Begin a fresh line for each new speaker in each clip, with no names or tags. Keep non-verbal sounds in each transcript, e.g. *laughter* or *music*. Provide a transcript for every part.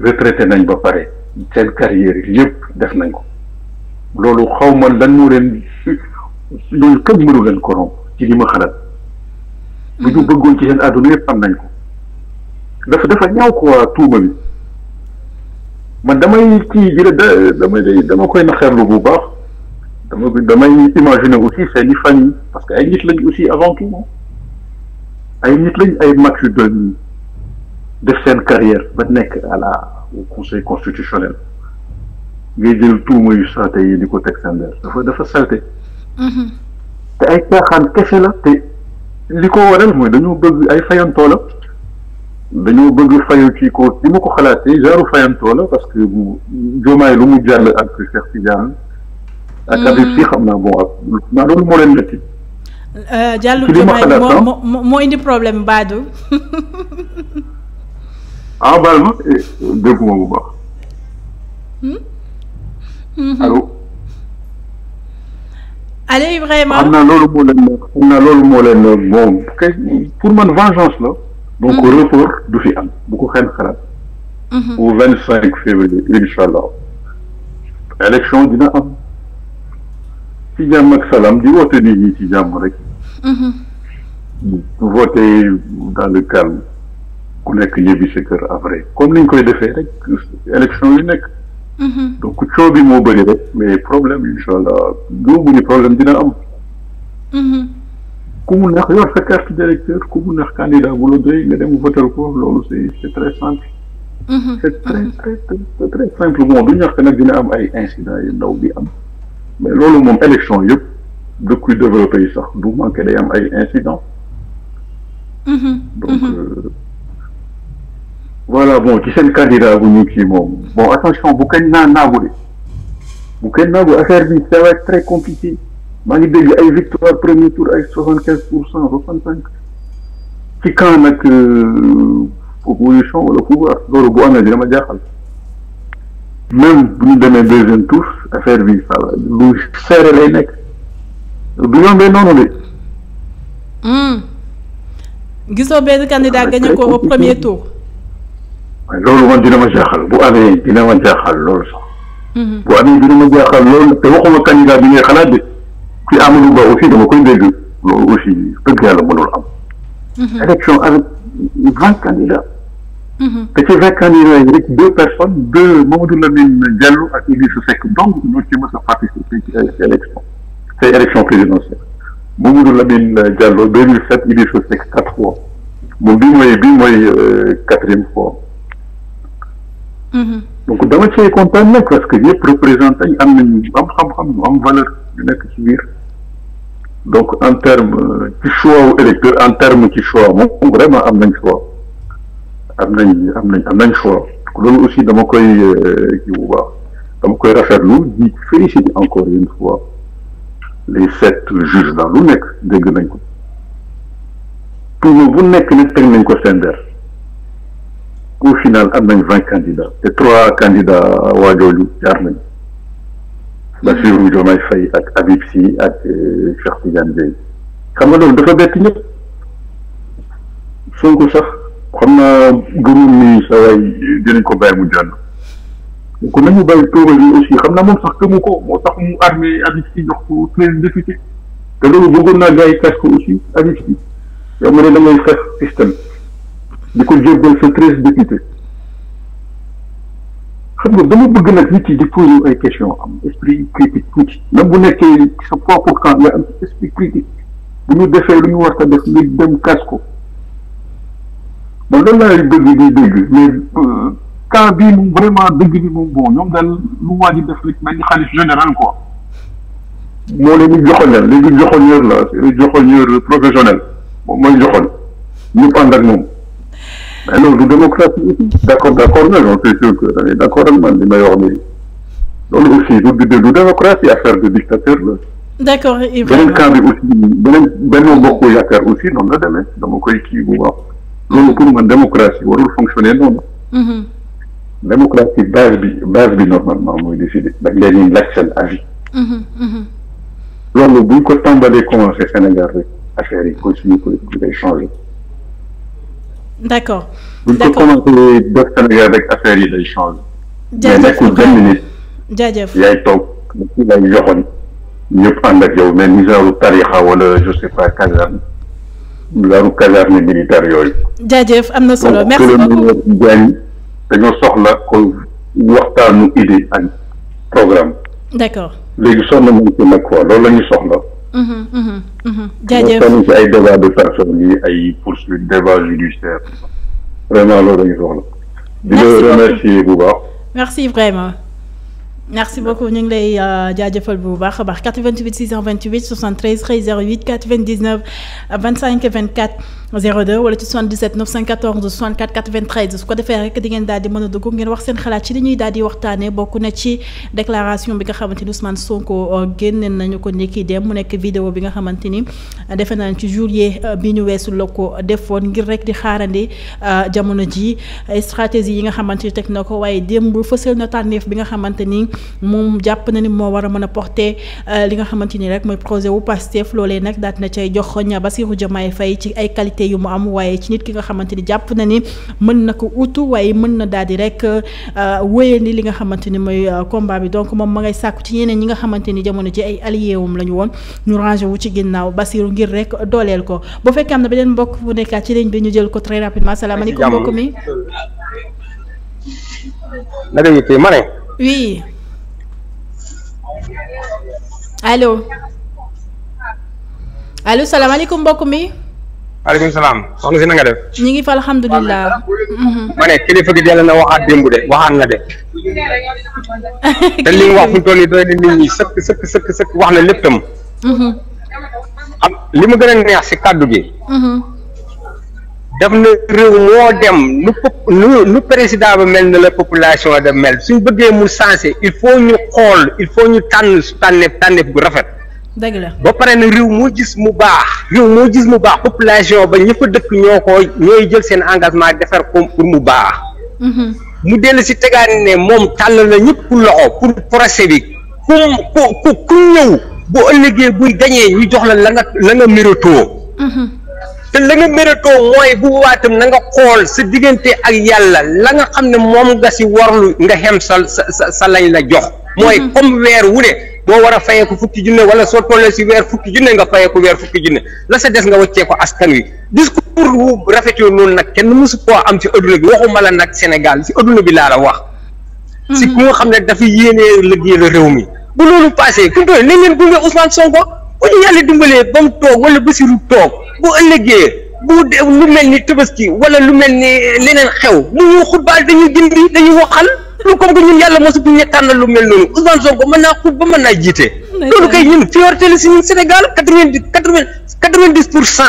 retraité nañ ba pare seen carrière yëpp def nañ ko loolu xaw ma lan moo leen *laughs* loolu kenn mënu leen ko ci li ma xalaat. bu ñu mhm. bëggoon ci seen àdduna yëpp am nañ ko. dafa defa ñaaw quoi tuuma bi man damay kii bi da damay dama koy naqarlu bu baax dama damay imaginer aussi seeni famille parce que ay nit lañ aussi avant tout ay nit lañ ay mag yu doon. def seen carrière ba nekk à la au conseil constitutionnel ngay jël tuuma yu salte yi di ko teg seen dafa dafa salte mhm. te ay caaxaan kese la te li ko waral mooy dañoo bëgg ay fayantoo la dañoo bëgg fayu ci ko li ma ko xalaatee genre fayantoo la parce que bu joomaay lu mu jàll ak Cheikh Tidiane ak mhm. Habib si xam naa bon ak naa loolu moo leen metti
euh, Diallo Diomaye ah? moo moo indi problème Badou *laughs*
ah baal ma eh, déggu ma bu baax.
allo. Hmm? Hmm.
allo Ibrahima xam naa loolu moo leen xam naa loolu moo leen euh, bon pour man vengeance la. donc hmm. report du fi am bu ko xel xalaat. au vingt cinq février incha allah. élection dina am ci jàmm ak salaam di woote nit ñi ci jàmm rek. voter dans le calme. ku nekk yëbbi sa kër après comme ni ñu koy defee rek élection yu nekk. Mhm. donc coow bi moo bëri mais problème incha allah góobu ni problème dina am. Mhm. ku mu neex yor sa carte d'électeur ku mu neex candidat bu la doy nga dem votal ko loolu c'est très simple. Mhm. c'est très simple bon du ñàkk nag dina am ay incidents yu ndaw bi am mais loolu moom élection yëpp dëkk yu développé yi sax du manqué day am ay incidents. donc. Euh, voilà bon ci seen candidat bu ñu kii bon attention bu kenn naa naagu de bu kenn naagu affaire bi ça va maa ngi dégg ay victoire premier tour ay soixante quinze pour cent soixante cinq ci camp nag euh, opposition wala pouvoir loolu bu amee dina ma jaaxal même bu ñu demee deuxième tour affaire bi ça va lu serré lay nekk du yombee noonu de.
Hmm. gisoo benn candidat gagné ko tour.
loolu man dina ma jaaxal bu amee dina ma jaaxal loolu sax. bu amee dina ma jaaxal loolu te waxuma candidat bi ngay xalaat de ci Amadou Ba aussi dama koy dégg loolu aussi dëgg yàlla mënul am. élection avec vingt candidats. te ci vingt candidats yi rek deux personnes deux Mamadou Lamine Diallo ak Idrissa Seck donc ñoo ci mës a participer ci ay élection say élection mooy bii mooy euh, quatrième fois. Mhm. donc dama cee kontaan nag parce que ñëpp représentant ñu am nañu am xam-xam ñu am valeur ñu nekk ci biir donc en terme euh, ci choix wu électeur en terme ci choix moom vraiment am nañ choix am nañ am nañ am nañ choix loolu aussi dama koy euh, kii bu baax dama koy rafetlu di féliciter encore une fois les sept juges dans lu nekk dégg nañ ko toujours bu nekk nag teg nañ ko seen der au final am nañ vingt candidats te trois candidats waajoolu jaar nañ Bassirou mm-hmm. Diomaye Faye ak Habib Sy ak euh, Cheikh Tidiane Dièye xam nga loolu dafa bett ñëpp Sonko sax xam naa gëmul ni sa waay dinañ ko bàyyi mu jàll ko nañu bàyyi tóoral yi aussi xam naa moom sax gëmu moo tax mu armé Habib Sy jox ko treize député te loolu bëggoon naa gars yi kas ko aussi Habib Sy yow ma ne da ngay xeex système di ko jébbal sa treize député xam nga dama bëgg nag nit yi di poser ay question am esprit critique tuuti même bu nekkee sa propre camp nga am esprit critique bu ñu defee lu ñu war a de li dem kas ko man loolu laay dëgg di dëgg mais euh, camp bii moom vraiment dëgg bi moom bon ñoom daal lu waa ji def rek mel ni xaalis général quoi moo leen di joxoñal léegi joxoñeur la joxoñeur professionnel moom mooy joxoñ ñëpp mais loolu du démocratie aussi d' accord d' accord na non c' est sûr que da ngay euh, d' accord ak man li démocratie affaire de dictateur la.
d' accord Ibrahima beneen camp
bi aussi beneen benn mbokku yaakaar aussi noonu la demee dama koy kii bu baax loolu pour man démocratie warul fonctionner noonu. Mhm. démocratie base bi base bi normalement mooy décider dañ leen di laaj seen avis.
Mhm, mhm.
loolu bu ñu ko tàmbalee commencé Sénégal rek yi continué d'accord d'accord buñ ko commencé def Sénégal rek affaire yi day changé. jaajëf mais nekkul benn nit.
jaajëf yaay
toog kii lay joxoon ñëpp ànd ak yow mais misaaru tarixa wala je sais pas caserne misaaru caserne militaire yooyu.
jaajëf am na solo merci beaucoup
donc dañoo soxla ko waxtaanu idée ak programme. d'accord léegi sonn nañu ko nag quoi loolu la ñu soxla.
Mm-hmm, mm-hmm, mm-hmm. jaajëf tamit si
ay débat de personne yi ay poursuite débat judiciaire vraiment loolu dañu soxla di la remercier bu baax
merci vraiment merci beaucoup ñu ngi lay euh, jaajëfal bu baax a baax 88 628 02 wala ci 77 914 64 93 su ko defee rek di ngeen di mën a dugg ngeen wax seen xalaat ci li ñuy di waxtaanee bokk na ci déclaration bi nga xamante ni Ousmane Sonko euh, ni euh, ci juillet euh, bi ñu weesu la ko defoon ngir rek di xaarandi jamono ji stratégie yi nga xamante ni teg waaye démb fësal na tànneef bi nga xamante ni moom jàpp na ni moo war a mën a porter li nga xamante ni rek mooy projet wu Pastef loolee nag daal na cay ci ay qualité qualité yu mu am waaye ci nit ki nga xamante ni jàpp na ni mën na ko utu waaye mën na daal di rek euh, ni li nga xamante ni mooy euh, combat bi donc moom ma ngay sàkku ci ñeneen ñi nga xamante ni jamono ji ay allié wum la ñu woon ñu wu ci ginnaaw Basiru ngir rek dooleel ko bu fekkee beneen mbokk bu nekkaat ci ligne ñu jël ko très rapidement salaamaaleykum mbokk mi. naka yitte ma mbokk mi.
maaleykum
salaam soxna si na nga def.
ñu ngi fa alhamdulilah. Mhm. ma
ne kilifa gi dell na waxaat démb de waxaat na de.
*laughs* te li mu wax fu mu
toll nii doy na nit sëkk sëkk sëkk sëkk wax na lépp tam. Mhm. am li mu gën a neex si kàddu gi. Mhm. daf na réew moo dem nu nu nu président ba mel na la population da mel suñ bëggee mu sensé il faut ñu xool il faut ñu tànn su tànneef tànneef bu rafet. dëgg la ba pare na réew moo gis mu baax réew moo gis mu baax population ba ñëpp dëkk ñoo ko ñooy jël seen engagement defar ko pour mu baax. Mhm. mu dellu si tegaat ne moom tàll la ñëpp loxo pour procès bi ku ku ku ñëw bu ëllëgee buy gañee ñu jox la la nga la nga méritoo. Mhm. te la nga méritoo mooy bu waatam na nga xool sa diggante ak yàlla la nga xam ne moom nga si warlu nga xem sa sa sa lañ la jox. mooy mhm. comme weer wu ne. boo war a fayee ko fukki junne wala soo tollee si weer fukki junne nga fayeeku weer fukki junne la sa des nga wàccee ko askan wi discours wu rafetoo noonu nag kenn mësu koo am ci adduna bi waxuma la nag Sénégal si adduna bi laa la wax hmm. si ku nga xam ne dafa yéenee liggéeyal réew mi bu loolu passé fu mu toll nañ leen gunge Ousmane Sonko bu ñu yàlla dimbalee ba mu toog wala Bassirou toog boo ëllëgee bu lu mel ni tabaski wala lu mel ni leneen xew bu ñu xutbaal dañuy jëndi dañuy waxal lu comme que ñun yàlla mosu bu ñu lu mel noonu Ousmane Sonko mën naa xutba mën naa jiite. loolu kay ñun priorité la si ñun Sénégal quatre-vingt-dix quatre xam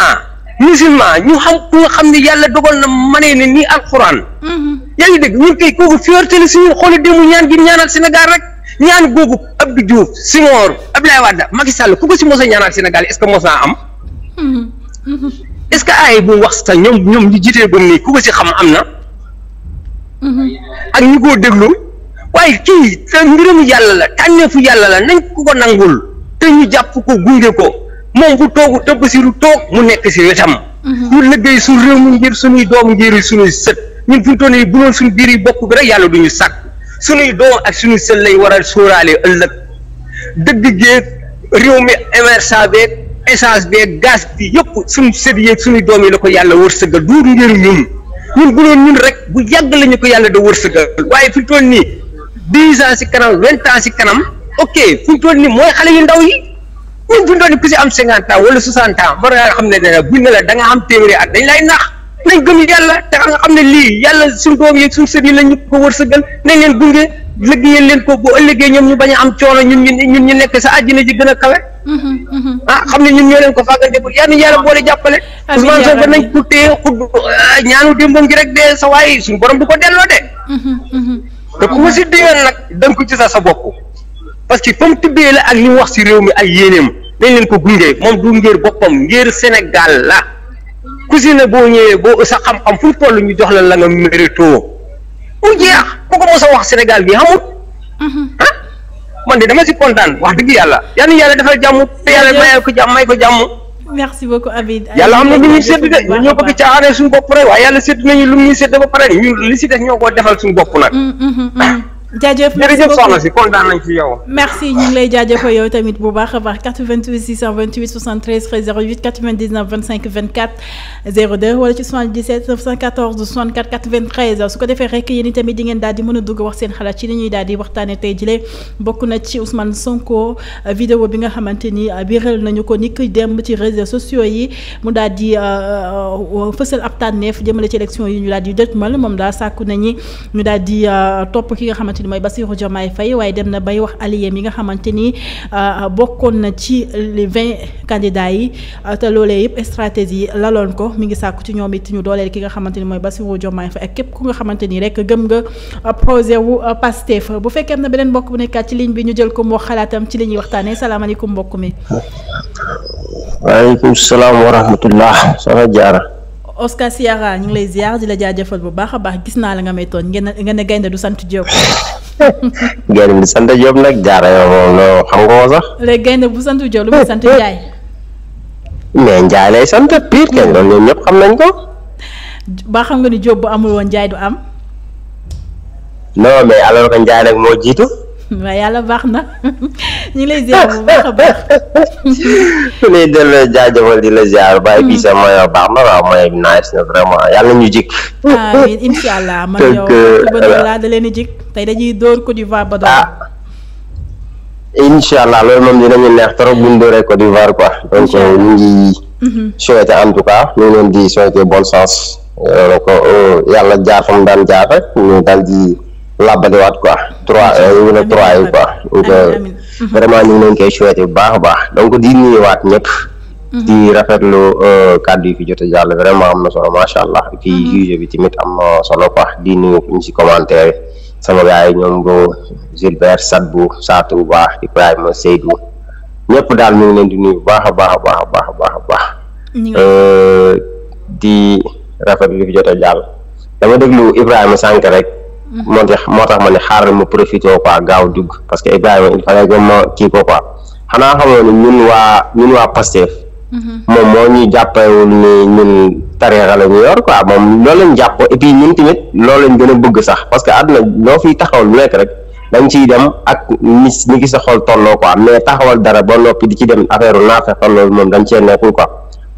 ku xam ne yàlla dogal na manee ne nii alxuraan. Mm-hmm. yaa ngi dégg ñun kay kooku priorité la si ñun xooli démb ñaan gi ñaanal Sénégal rek. ñaan googu Abdou Diouf Senghor Abdoulaye Wade Macky Sall ku ko si mos a ñaanal Sénégal est-ce que mos naa am.
Mm-hmm. *laughs*
est ce que aay bu wax sax ñoom ñoom ñu jiitee ba nii ku ko ci xam am na. Mhm. ak ñu koo déglu waaye kii te mbiram yàlla la tànneefu yàlla la nañ ku ko nangul te ñu jàpp ko gunge ko moom bu toogu tëbb si lu toog mu nekk si wetam. ñu mhm. liggéey suñu réew mi ngir suñuy doom su suñuy sët ñun fi mu nii bu doon suñu biir yi bokk bi rek yàlla du ñu sàkk suñuy doom ak suñuy sët lay war a sóoraale ëllëg dëgg géeg réew mi émersa essence beeg gaz bi yëpp suñu sët yeeg suñu doom yi ko yàlla wërsëgal du ngir ñun ñun bu doon ñun rek bu yàgg la ñu ko yàlla da wërsëgal waaye fi mu toll nii dix ans si kanam vingt ans si kanam ok fi mu toll nii mooy xale yu ndaw yi ñun fi mu toll nii am cinquante ans wala soixante ans war xam ne dana buñ ne la xam nga am a dañ lay nax nañ gëm yàlla te nga xam ne lii yàlla suñu doom yeeg suñu sët yi la ñu ko wërsëgal nañ leen gunge. liggéeyal leen ko bu ëllëgee ñoom ñu bañ a am coono ñun ñun ñu nekk sa àjjina ji gën a kawe.
Mm-hmm, mm-hmm.
ah xam ne ñun ñoo leen ko fàggandikul yal nañu yàlla boole jàppale. amiin Ousmane Sonko nañ ko téye xudd ah, ñaanu démbam gi rek de sa waay suñu borom du ko delloo de.
Mm-hmm,
te ku ma si déyoon nag danga ko ci sa sa bopp. parce que fa mu tibbee la ak li mu wax si réew mi ak yéeneem dañ leen ko gunge moom du ngir boppam ngir Sénégal la ku si ne boo ñëwee boo sa xam-xam fu toll ñu jox la la nga mérito mu jeex. ku ko mos a wax Sénégal gi xamut mhm. ah man de dama si kontaan wax dëgg yàlla yal na yàlla defal jàmm te yàlla mayal ko jàmm may ko jàmm.
merci beaucoup Habib. yàlla am na lu ñuy sédd de
ñoo bëgg caaxaane suñu bopp rek waaye yàlla sédd nañu lu ñuy sédd ba pare ñun li si def ñoo ko defal suñ bopp nag. Mm,
mhm, mhm. jaajëf merci beaucoup soxna si kontaan nañ ci merci ñu ngi lay jaajëfal yow tamit bu baax a baax 88 628 73 08 99 25 24 02 wala ci 77 914 64 93 su ko defee rek yéen itamit di ngeen daal di mën dugg wax seen xalaat ci li ñuy daal di waxtaanee tey jii bokk na ci Ousmane Sonko euh, vidéo bi nga xamante ni biral euh, nañu ko ni ki dem ci réseaux sociaux yi mu daal di euh, fësal ab tànneef jëmale ci élection yi ñu daal di dëtmal moom daal sàkku nañi ñu daal di topp ki nga xamante ni mooy Bassirou Diomaye Faye waaye dem na bay wax alliéem yi nga xamante ni euh, bokkoon na ci vingt candidats yi euh, te loolee yëpp stratégie laloon ko mu ngi sàkku ci ñoom it ñu dooleel ki nga xamante ni mooy Bassirou Diomaye Faye ak képp ku nga xamante ni rek gëm nga euh, projet wu Pastef bu fekkee am na beneen mbokk bu nekkaat ci ligne bi ñu jël ko moo xalaatam ci li ñuy waxtaanee salaamaaleykum mbokk mi.
waaleykum salaam wa rahmatullah soxna Diarra.
Oscar Siara ñu ngi lay ziar di la jaajëfal bu baax a baax gis naa la nga may toon ngeen nga gaynde du sant Diop. *laughs*
gaynde du sant Diop nag jaara a moom loo
xam gaynde bu sant Diop sant Ndiaye.
mais Ndiaye lay sant pire kenn doon ñoom ñëpp xam nañ
ko. baa xam nga ni Diop bu amul woon Ndiaye du am.
non mais alors que Ndiaye nag moo jiitu.
waaw yàlla baax na ñu ngi bu baax a baax.
ñu *laughs* lay la ziar bàyyi bii mm. sa moyen baax na waaw moyen nice na vraiment yàlla ñu jik
amiin incha allah man euh, laa da leen a tey dañuy dóor Côte d'Ivoire Badoo. Ah.
incha allah loolu moom dinañu neex trop buñ dóoree Côte d'Ivoire quoi. donc euh, ngi mm-hmm. souhaité en tout cas ñu ngi di souhaité bonne chance. Euh, yàlla jaar fa mu daan jaar rek ñu daal di labaliwaat quoi. trois heures ah, wala trois yi ah, quoi donc euh, *laughs* vraiment ñu ngi leen koy souhaité bu baax a baax donc di nuyuwaat ñëpp mhm. di rafetlu euh, kàddu yi fi jot a jàll vraiment am na solo macha allah et puis mhm. juge bi am na solo quoi di nuyu ñu si commentaire sama gars yi ñoom bo Gilbert Sadbu Satou Ba Ibrahima Seydou ñëpp daal ñu ngi leen di nuyu bu baax a baax baax baax baax a baax euh, di rafetlu li jot a jàll dama déglu Ibrahima sànq rek Mhm. moo tax moo tax ma ne xaaral ma profité quoi gaaw dugg parce que Ibrahima il fallait que ma kii ko quoi xanaa xamoo ñun waa ñun waa Pastef mhm. moom moo ñuy jàppewul ni ñun tariixa la ñu yor quoi moom loolu lañ jàpp et puis ñun tamit loolu lañ gën a bëgg sax parce que àdduna loo fiy taxawal lu nekk rek dañ ciy dem ak mis ni ki sa xol tolloo quoi mais taxawal dara ba noppi di ci dem affaire u naafeq loolu moom dañ cee nekkul quoi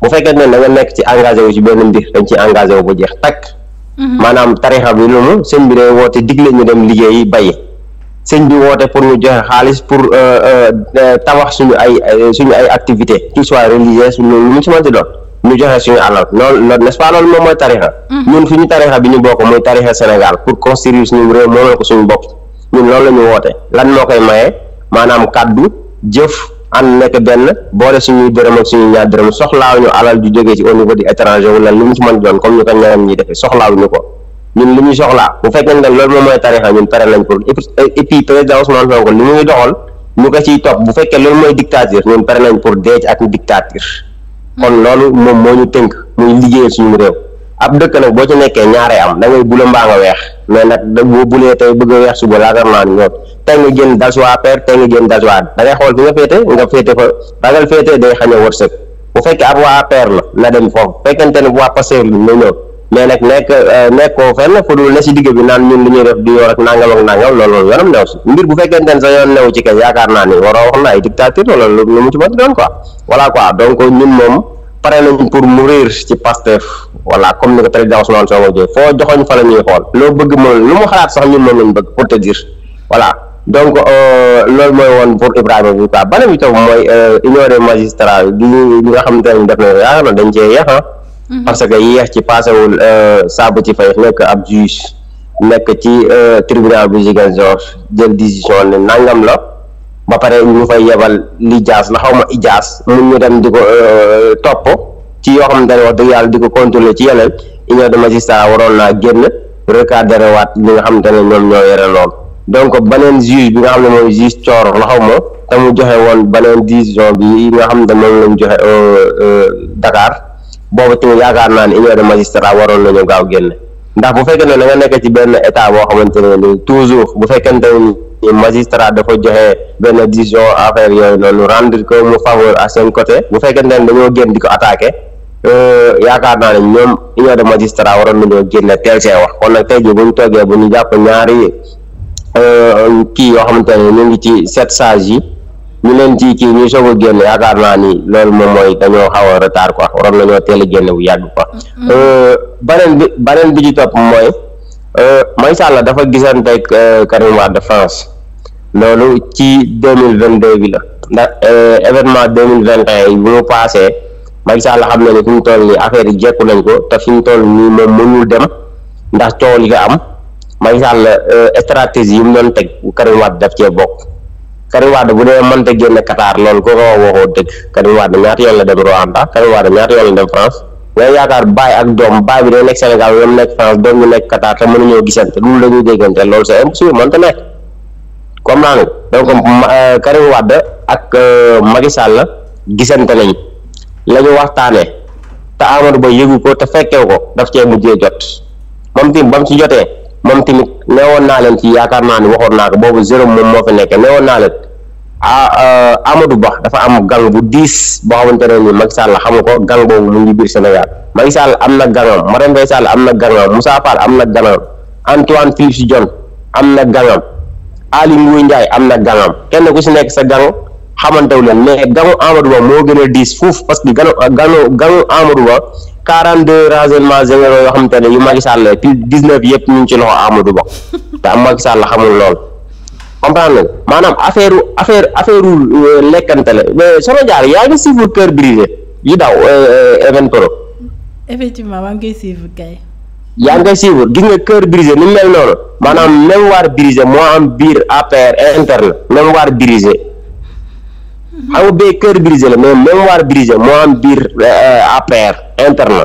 bu fekkee ne da nga nekk ci engagé wu ci benn mbir dañ ciy engagé wu ba jeex takk Mm-hmm. maanaam tarixa bi mu sëñ bi day woote digle ñu dem liggéeyi bay sëñ bi woote pour ñu joxe xaalis pour euh, euh, euh, tabax suñu ay suñu ay activité tout soit religieuse loolu lu mu ci mënti doon ñu joxe suñu alal loolu loolu n'est-ce pas loolu moom mooy tarixa mm-hmm. ñun fi ñu tarixa bi ñu bokk mooy tarixa Sénégal pour construire suñu réew moomal ko suñu bopp ñun loolu la ñu woote lan moo koy maye maanaam kàddu jëf ànd nekk benn boole suñuy dërëm ak suñuy ñaar dërëm soxlaaw ñu alal ju jógee ci au niveau du étranger wala lu mu ci mën doon comme ñu ko ñeneen ñi defee soxlaaw ñu ko ñun li ñu soxlaa bu fekkee ne loolu moom mooy tarixa ñun pare nañ pour et puis président Ousmane Sonko li muy doxal ñu ko ciy topp bu fekkee loolu mooy dictature ñun pare nañ pour dee ci ak dictature hmm. kon loolu moom moo ñu tënk muy liggéeyal suñu réew ab dëkk nag boo ci nekkee ñaaree am da ngay bula mbaa nga weex mais nag boo bulee tey bëgg weex suba laakar naa ni ñoom a wërsëg bu fekkee ab waa la na dem foofu fekkente ne euh, ne loolu yoonam bu fekkente ne sa yoon new ci kay yaakaar naa ni waroo wax na ay dictature wala lu mu ci mën doon quoi ñun moom pare nañ pour mourir ci Pastef voilà comme ni ko président Ousmane Sonko jëf foo joxoñ fa la xool loo bëgg moom lu mu xalaat sax ñun moom lañ bëgg pour te dire voilà donc euh, loolu mooy woon pour Ibrahima bi quoi beneen bi tam mooy euh, ignorer magistrat bi ñi nga xam ne def na yaakaar dañ cee yéex ah. mhm. parce que yéex ci paasewul euh, saabu ci fay nekk ab juge nekk ci tribunal bu Ziguinchor jël décision ne nangam la ba pare ñu fay yebal li jaas la xaw ma ijaas mun ñu dem di ko topp ci yoo xamante ne wax dëgg yàlla di ko contrôler ci yeneen union de magistrat waroon naa génn recadré waat li nga xam ne ñoom ñoo yore lool donc beneen juge bi nga xam ne mooy juge Thior la xaw ma te mu joxe woon beneen décision bi nga xam ne moom lañ joxe euh, euh, dakaar boobu tamit yaakaar naa ne union de magistrat waroon nañu gaaw génn ndax bu fekkee ne da nga nekk ci benn état boo xamante ne ni toujours bu fekkente ni magistrat dafa joxe benn décision affaire yooyu noonu rendre que mu faveur à seen côté bu fekkente ne dañoo gén di ko attaqué Euh, yaakaar naa ne ñoom union de magistrat waroon nañoo génne teel see wax kon nag tey jii bu ñu toogee bu ñu jàpp ñaari euh, kii yoo xamante ne ñu ngi ci sept sages yi ñu leen ci kii ñu soog a génn yaakaar naa ni loolu moom mooy dañoo xaw a retard quoi waroon nañoo teel a génne bu yàgg quoi. Mm-hmm. Euh, beneen bi beneen bi ci topp mooy Macky Sall dafa gisante ak Karim Wade de France loolu ci deux mille vingt deux bi la ndax événement deux mille vingt et un yi bu mu paasee. Macky Sall xam na ne fi mu toll nii affaire yi jekku nañ ko te fi mu toll nii moom mënul dem ndax coow li nga am Macky Sall euh, stratégie yi mu doon teg Karim Wade daf cee bokk Karim Wade bu dee mënta génn Qatar loolu ko ko waxoo dëgg Karim Wade ñaata yoon la dem Rwanda Karim Wade ñaata yoon la dem ak doom baay bi day nekk Sénégal ñoom nekk France doom bi nekk Qatar te mënuñoo gisante loolu la ñuy déggante loolu c'est impossible mënta nekk comme naa ne donc euh, Karim Wade ak euh, Macky Sall gisante nañ la ñu waxtaanee te Amadou Ba yëgu ko te fekkew ko daf cee mujjee jot moom tamit ba mu ci jotee moom tamit neewoon naa leen ci yaakaar naa ni waxoon naa ko boobu zéro moom moo fi nekkee neewoon naa leen ah Amadou Ba dafa am gang bu diis boo xamante ne nii Macky Sall xamu ko gang boobu mu ngi biir Sénégal Macky Sall am na gangam ma Faye saal am na gangam Moussa Fall am na gangam Antoine si Diome am na gangam ali Ngouille Ndiaye am na gangam kenn ku si nekk sa gang. xamantewu leen mais ganu Amadou moo gën a diis fuuf parce que ganu ganu ganu Amadou Ba quarante deux renseignements généraux yoo xamante ne yu Macky Sall la plus dix yëpp ñu ngi ci loxo Amadou Ba *laughs* te am Macky Sall la xamul lool comprendre nga maanaam affaire affaire affaire euh, lekkante la mais sono jaar yaa ngi suivre cœur brisé yi daw euh, euh, event pro
effectivement maa ngi koy suivre kay.
yaa ngay suivre gis nga cœur brisé ni mel noonu maanaam mémoire brisé moo am biir APR interne mémoire brisé xam nga bee cœur brisé la mais mémoire brisé moo am biir euh, APR interne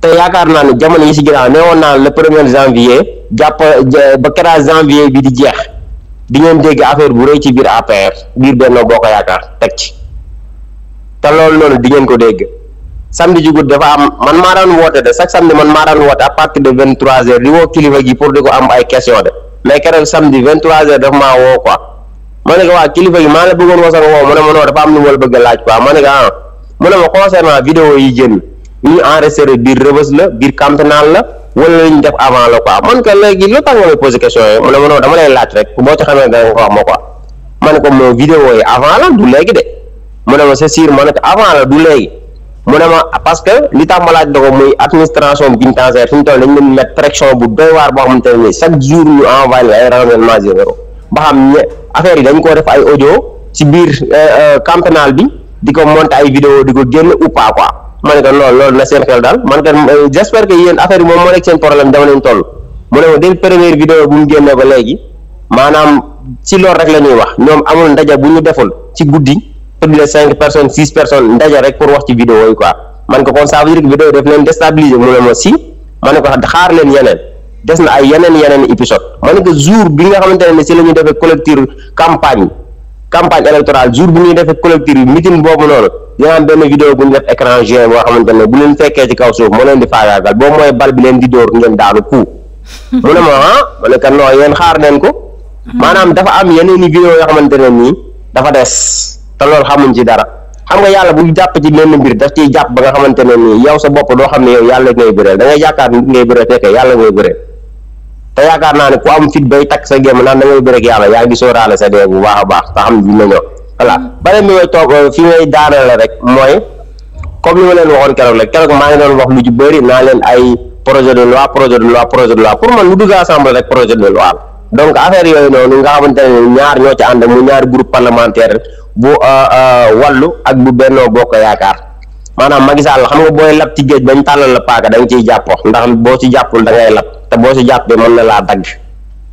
te yaakaar naa ne jamono yi si ginnaaw ne woon naa le premier janvier jàpp euh, ba kera janvier bi di jeex di ngeen dégg affaire bu rëy ci biir APR biir boo ko Yaakaar teg ci te loolu noonu di ngeen ko dégg samedi jugut dafa am man maa daan woote de chaque samedi man maa daan woote à partir de vingt trois heures di woo kilifa gi pour di ko am ay question de mais keroog samedi ma ne waa kilifa gi maa la bëggoon woo sax woo mu ne ma non dafa am lu ma la bëgg a laaj quoi ma ne ko ah mu ne ma concernant vidéo yi génn ñu enregistré biir Rebeuss la biir Camp la wala ñu def avant la man que léegi lu tax nga may posé question dama lay laaj rek boo ci xamee danga ko ma quoi ma ne ko moom vidéo yi avant la du léegi de mu ne ma c'est sûr ma ne ko avant la du léegi mu ne ma parce que li tax ma laaj da ko muy administration bi Guine Tandière fi mu toll dañu leen mettre pression bu doy waar boo xamante ne chaque jour ñu envoyé ay renseignements généraux ba xam affaire yi dañ koo def ay audio ci biir euh, euh, camp pénal bi di ko monter ay vidéo di ko génn ou pas quoi ma ne ko loolu loolu na seen xel daal man kat euh, j'espère que yéen affaire yi moom moo nekk seen problème dama leen toll mu ne ma dès génnee ba léegi maanaam ci loolu rek la ñuy wax ñoom amul ndaje bu ñu deful ci guddi plus de cinq personnes six personnes ndaje rek pour wax ci vidéo yi quoi man ko kon ça veut def leen déstabiliser mu ne ma si ma ko xaar leen yeneen des na ay yeneen yeneen épisode ma ne jour bi nga xamante ne si la ñuy defee collecture campagne campagne électorale jour bi ñuy defee collecture yi meeting boobu noonu dina am benn xamante ne bu leen fekkee ci kaw suuf moo leen di faagaagal boobu bi *laughs* ah, ko hmm. maanaam dafa am yeneen i vidéo yoo xamante ne nii dafa des te loolu xam nga yàlla bu jàpp ci lenn mbir daf ciy jàpp xamante ne nii yow sa bopp doo xam ne yow yàlla ngay bëreel da ngay nit ngay bëreel fekkee yàlla ngay bëreel te yaakaar naa ne ku am fit bay takk sa gémm naan da ngay bëre ak yàlla yaa ngi sóoraale sa dee bu baax a baax te xam ne dina ñëw voilà beneen euh, rek mooy comme li ma leen waxoon keroog rek keroog maa ngi bëri naa leen ay projet de loi projet de loi pour man lu dugg assemblée rek projet de loi la donc affaire yooyu noonu nga xamante ne ñaar ñoo ci ànd mu ñaari groupe parlementaire bu euh, euh, wàllu ak bu bennoo bokk yaakaar maanaam Macky la xam nga booy lab ci géej bañ tàllal la paaka da ciy jàpp ndax boo ci jàppul da ngay lab te boo si jàppee man na laa dagg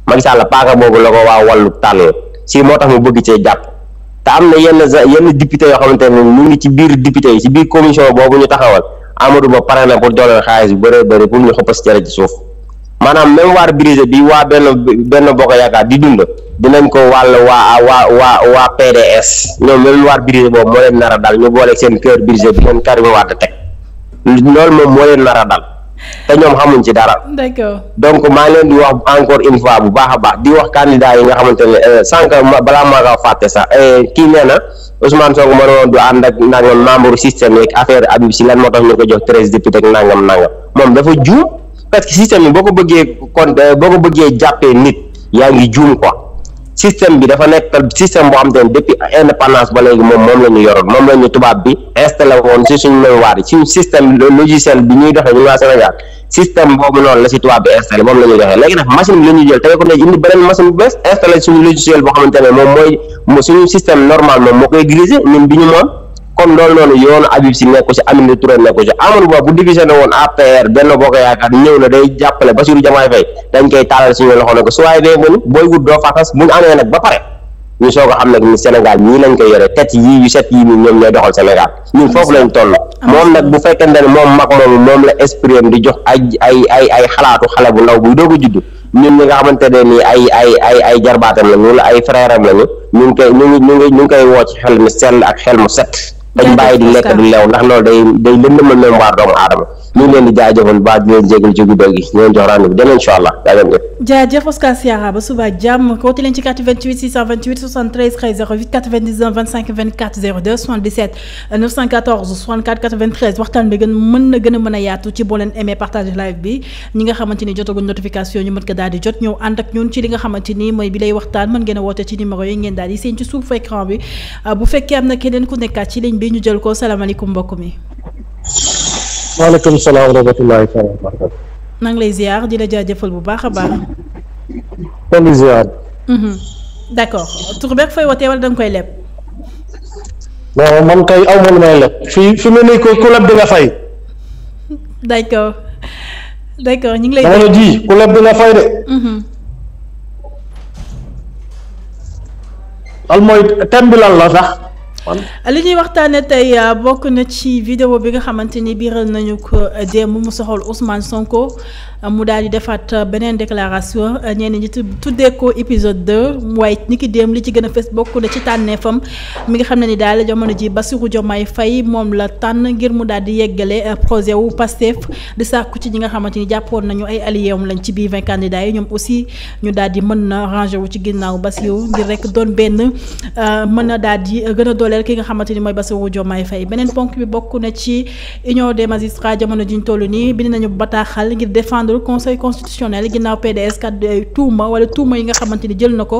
Macky Sall paaka boobu la ko waa wàllu tànn si moo tax mu bëgg cee jàpp te am na yenn yenn député yoo xamante ne mu ngi ci biir député yi si biir commission boobu ñu taxawal Amadou Ba pare na pour jox xaalis bu bëree bëri pour ñu xëppas cere ci suuf maanaam même waar brisé bi waa benn benn bokk yaakaar di dund dinañ ko wàll waa waa waa waa PDS ñoom même waar brisé boobu moo leen nar a dal ñu boole seen cœur brisé bi leen Karim Wade teg loolu moom moo leen nar dal. te ñoom xamuñ ci dara. d'accord donc maa ngi leen di wax encore une fois bu baax a baax di wax candidat yi nga xamante ne euh, sànq balaa maa ko fàtte sax euh, kii nee na Ousmane Sonko ma ne woon du ànd ak nangam membre système yeeg affaire Habib Sy lan moo tax ñu ko jox treize députés ak nangam nangam moom dafa juum parce que système yi boo ko bëggee kon euh, boo ko bëggee jàppee nit yaa ngi juum quoi. système bi dafa nekk système boo xam ne depuis indépendance ba léegi moom moom la ñu moom la ñu tubaab bi installé woon si suñu mémoire yi suñu système logiciel bi ñuy doxee ñu waa Sénégal système boobu noonu la si tubaab bi installé moom la doxee léegi nag machine bi la ñuy jël tege ko ne indi beneen machine bu bees installé suñu logiciel boo xamante ne moom mooy suñu système normal moom moo koy grisé ñun bi ñu moom kon loolu noonu yoonu Habib si nekku si Aminata Touré nekku si Amadou Ba bu divisé na woon APR benn boo ko yaakaar ñëw na day jàppale Bassirou Diomaye Faye dañ koy taalal suñu loxo ne ko su waaye dee mun booy wut doo fatas buñu amee nag ba pare ñu ko xam nag ni Sénégal ñii lañ koy yore tet yii yu set yii nii ñoom ñooy doxal Sénégal ñun nag bu fekkente ne moom mag moomu moom la di jox ay ay ay xalaatu xale bu ndaw buy doog a judd ñu ñi nga xamante ne nii ay ay ay ay jarbaatam lañu wala ay frère am lañu ñu ngi koy ñu ngi ñu ñu ngi koy woo ci xel mu sell ak xel mu set dañ bàyyi di lekk du lew ndax loolu day day lëndëmal mémoire doomu aadama ñu leen di jaajëfal baa di leen jégal ci guddoo gi ñu leen a
mën a yaatu ci ko daal jot ñëw ànd ak ñun ci li nga xamante ni mooy bi lay waxtaan mën ngeen a woote ci numéro yi ngeen daal seen ci suufu écran bi ah, bu fekkee am na keneen ku ci ligne bi bi ñu jël ko salaamaaleykum mbokk mi.
waaleykum salaam wa rahmatullaahi
wa lay ziar di la jaajëfal bu baax a baax. kon ziar. Mhm. d' accord tur fooy wootee wala da nga koy leb.
non man kay aw leb fii fi mu ne ko ku leb di nga fay.
d' accord d' accord ñu ngi lay. dama ku leb di fay de. Mhm.
al mooy thème la sax.
li ñuy waxtaane tey euh, bokk na ci vidéo bi nga xamante ni biiral nañu ko euh, démb mu soxal Ousmane Sonko mu daal di defaat beneen déclaration ñenn ñi tuddee ko épisode 2 waaye ñi ki déem li ci gën a fës bokk na ci tànneefam mi nga xam ne ni daal jamono ji Bassirou Diomaye Faye moom la tànn ngir mu daal di yeggale euh, projet wu Pastef di sàkku ci ñi nga xamante ni jàppoon nañu ay allié am lañ ci biir 20 candidats yi ñoom aussi ñu daal di mën na rangé wu ci ginnaaw Bassirou ngir rek doon benn euh, mën na daal di gën a ki nga xamante ni mooy Bassirou Diomaye Faye beneen ponk bi bokk na ci union des magistrats jamono ji ñu toll nii bind nañu défendre conseil constitutionnel ginnaaw PDS kàddu ay tuuma wala tuuma yi nga xamante ni jël na ko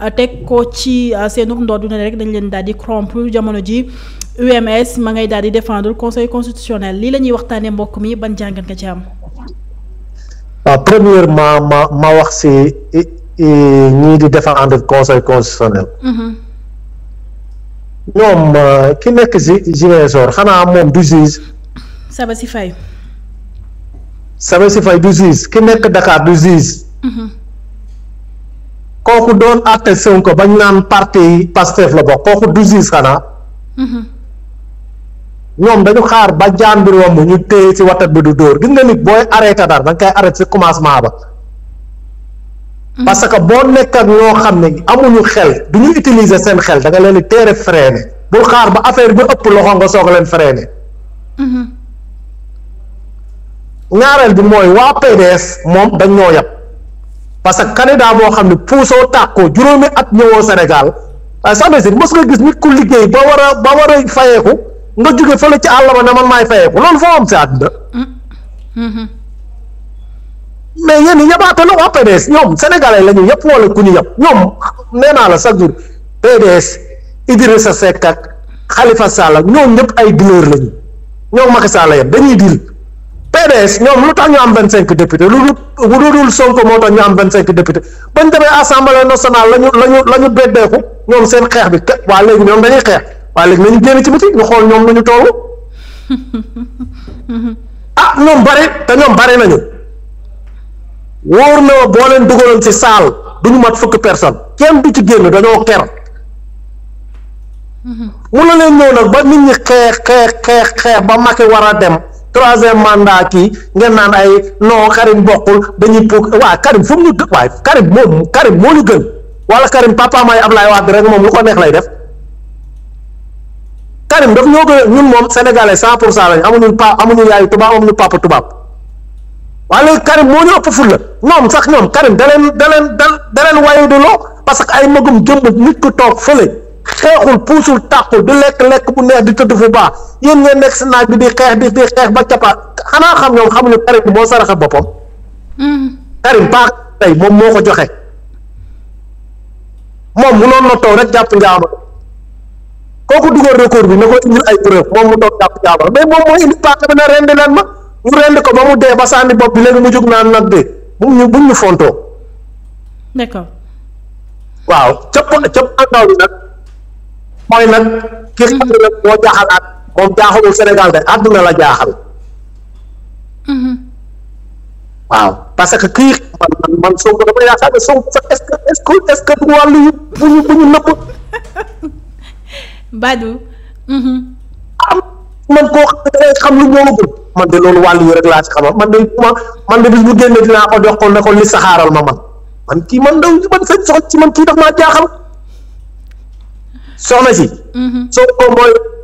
euh, teg ko ci euh, seenu ndoddu ne rek dañ leen daal di corrompre jamono ji UMS ma ngay daal di défendre conseil constitutionnel lii la ñuy waxtaanee mbokk mi ban jàngat nga ci am.
waaw ah, premièrement ma ma wax si ñii di défendre conseil constitutionnel. Mm-hmm. ñoom euh, ki nekk si Ziguinchor xanaa moom du juge. Sabassy Faye. Sabassy Faye du juge ki nekk dakaar du juge. Mhm. kooku doon àtte ko bañ naan parti Pastef la bokk kooku du juge xanaa. Mhm. ñoom dañu xaar ba jaan bi romb ñu téye ci watat bi du dóor gis nga nit booy arrêté dara da nga koy arrêté ci commencement ba. Mhm. parce que boo nekk ak ñoo xam ne amuñu xel du ñu utiliser seen xel da nga leen di teere freiné bul xaar ba affaire bi ëpp loxo nga soog leen freiné. ñaareel bi mooy waa PDS moom dañ ñoo yab parce que candidat boo xam ne puusoo tàkkoo juróomi at ñëwoo Sénégal ça veut dire mës nga gis nit ku liggéey ba war a ba war fayeeku nga jóge fële ci àll ba ne man maay fayeeku loolu foo am si àdduna mais yéen i yabaate la waa PDS ñoom sénégalais la ñu yëpp ku ñu yëpp ñoom nee naa la chaque jour PDS Idrissa Seck ak Khalifa Sall ñoom ñëpp ay dealer lañu ñoom Macky Sall yëpp dañuy deal PDS ñoom lu tax ñu am vingt cinq député lu dul lu dul Sonko moo tax ñu am vingt cinq député bañ demee assemblée nationale lañu lañu la ñu beddeeku ñoom seen xeex bi te waa léegi ñoom dañuy xeex waa léegi nañu génn ci biti ñu xool ñoom nañu toogu
*laughs*
ah ñoom bari te ñoom bari nañu wóor na boo leen dugaloon ci saal duñu mat fukki personne kenn du ci génn dañoo ker *laughs* mu la leen ñëw nag ba nit ñi xeex xeex xeex ba Macky war a dem troisième mandat kii ngeen naan ay non Karim bokkul dañuy pok waa Karim fu mu ñu dëkk waaye Karim moom Karim moo ñu gën wala Karim papa may Ablaye Wade rek moom lu ko neex lay def Karim daf ñoo gën ñun moom sénégalais cent lañ amuñu pa amuñu yaayu tubaab amuñu papa tubaab waaye Karim moo ñu ëpp ful ñoom sax ñoom Karim da leen da leen da wayu du loo parce que ay magum jëmb nit ku toog fële. xeexul puusul tàqul di lekk-lekk bu neex di tëdd fu baax yéen ngeen nekk si naaj bi di xeex di di xeex ba cappa xanaa xam ñoom xamuñu Karim moo saraxa boppam hmm. Karim tey moom moo joxe moom munoon na toog rek jàpp njaamar kooku dugal record bi na ko ay preuve moom mu toog moom mooy indi paaka bi na rendi leen ma ñu rendi ko ba mu dee ba sànni bopp bi léegi mu jóg naan nag de bu ñu buñ ñu fontoo d'accord waaw cëpp cëpp andaw li nag mooy nag ki xam ne nag moo jaaxal at moom jaaxalul Sénégal de àdduna la jaaxal mm-hmm. waaw parce que kii man man man Sonko dama yaakaar ne Sonko sax est-ce que est-ce que du wàllu yu ñu nëpp *laughs* Badou mm-hmm. am man koo xam ne dangay xam de loolu wàllu yu rek laa ci xamal man de ma man de bis bu génnee dinaa ko jox ko ne ko li saxaaral ma man man kii man daw man sañ soxla ci man kii daf maa jaaxal soxna si. Mm-hmm. Sonko mooy